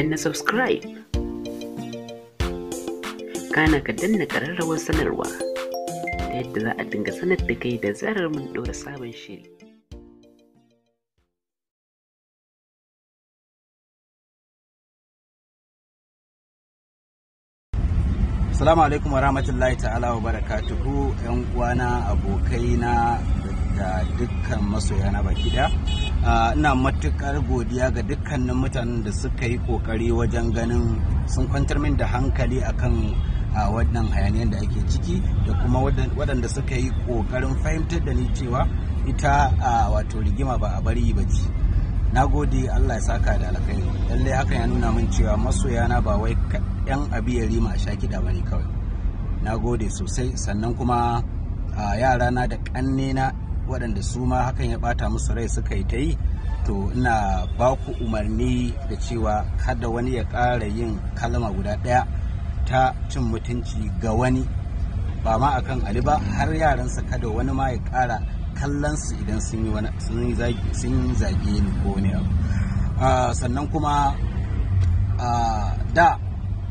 danna subscribe kana ka danna ƙararrawar sanarwa ta yadda za a dinga sanar da kai da zarar mun ɗora sabon shiri Assalamu alaikum wa rahmatullahi ta'ala wa barakatuhu ‘yan uwana abokaina da dukkan masoyana baki ɗaya. ina matukar godiya ga dukkanin mutanen da suka yi kokari wajen ganin sun kwantar min da hankali akan a wannan hayaniyar da ake ciki da kuma waɗanda suka yi kokarin fahimtar da ni cewa ita wato rigima ba a bari ba ce na gode allah ya saka da alkhairi lallai hakan ya nuna min cewa masoyana ba wai yan abiyari ma sha kiɗa ba ne kawai na gode sosai sannan kuma yarana da ƙannena waɗanda su ma hakan ya ɓata musu rai suka yi ta yi to ina ba ku umarni da cewa kada wani ya ƙara yin kalma guda ɗaya ta cin mutunci ga wani ba ma akan ali ba har yaransa kada wani ma ya ƙara kallonsu idan sun yi zage ni ko wani abu ah, sannan kuma ah, da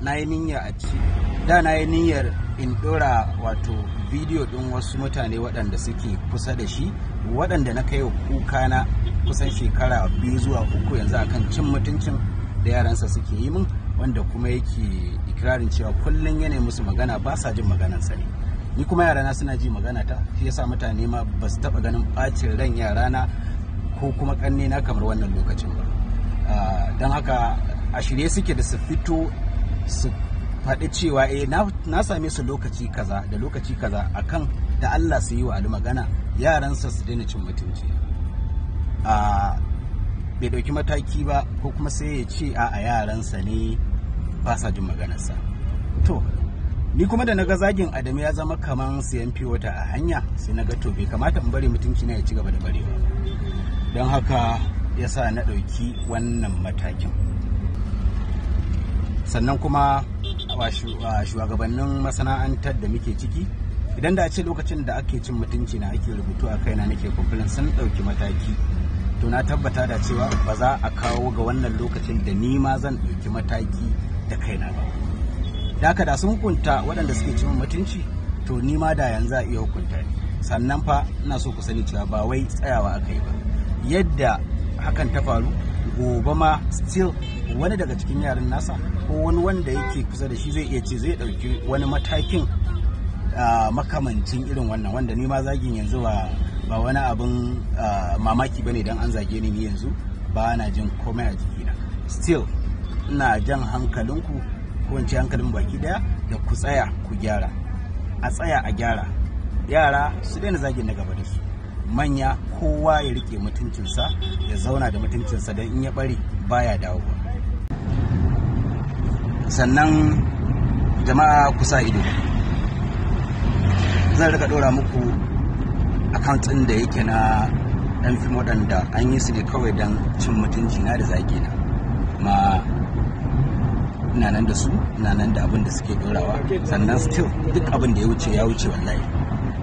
na yi niyyar in dora wato bidiyo din wasu mutane waɗanda suke kusa da shi waɗanda na kai kuka na kusan shekara biyu zuwa uku yanzu akan cin mutuncin da yaransa suke yi min wanda kuma yake ikirarin cewa kullum yana musu magana ba sa jin maganar sa ne ni kuma yarana suna ji magana ta shi yasa mutane ma ba su taɓa ganin ɓacin ran yarana ko kuma ƙanne na kamar wannan lokacin ba ah, don haka a shirye suke da su fito su faɗi cewa eh na same su lokaci kaza da lokaci kaza akan da Allah su yi wa Ali magana yaransa su daina cin mutunci a bai ɗauki mataki ba ko kuma sai ya ce a yaransa ne ba sa jin maganarsa to ni kuma da naga zagin adamu ya zama kaman siyan wata a hanya sai naga to bai kamata in bari mutunci na ya ci gaba da barewa don haka ya sa na ɗauki wannan matakin sannan kuma shugabannin masana'antar da muke ciki idan da ce lokacin da ake cin mutunci na ake rubutu a kaina nake kumfilin sun ɗauki mataki to na tabbata da cewa ba za a kawo ga wannan lokacin da ni ma zan ɗauki mataki da kaina ba da ka da sun hukunta waɗanda suke cin mutunci to ni ma da yanzu a iya hukunta sannan fa ina so ku sani cewa ba wai tsayawa aka yi ba yadda hakan ta faru gobe ma still wani daga cikin yaran nasa ko wani wanda yake kusa da shi zai iya ce zai ɗauki wani matakin makamancin irin wannan wanda ni ma zagin yanzu ba wani abin mamaki bane don an zage ni yanzu ba na jin komai a jikina still ina jan hankalinku ko hankalin baki daya da ku tsaya ku gyara a tsaya a gyara yara su daina zagin na gaba da su manya kowa ya rike mutuncinsa ya zauna da mutuncinsa don in ya bari baya dawo sannan jama'a kusa ido zan rika dora muku akantin ɗin da yake na ɗan fim waɗanda an yi su ne kawai don cin mutunci na da zage na ma ina nan da su ina nan da abin da suke dorawa sannan still duk abin da ya wuce ya wuce wallahi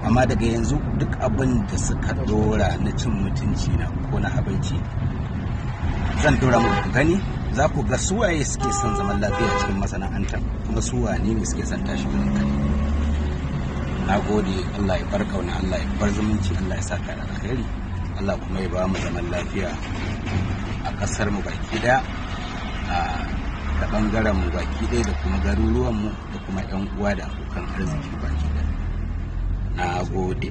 amma daga yanzu duk abin da suka dora na cin mutunci na ko na abinci zan dora muku gani za ku ga suwaye suke son zaman lafiya cikin masana'antar kuma suwa ne suke son tashi hankali na gode allah ya bar kauna allah ya bar zumunci allah ya sa ka da alheri allah kuma ya ba mu zaman lafiya a kasar mu baki daya da bangaren mu baki ɗaya da kuma garuruwan mu da kuma 'yan uwa da abokan arziki baki daya. na gode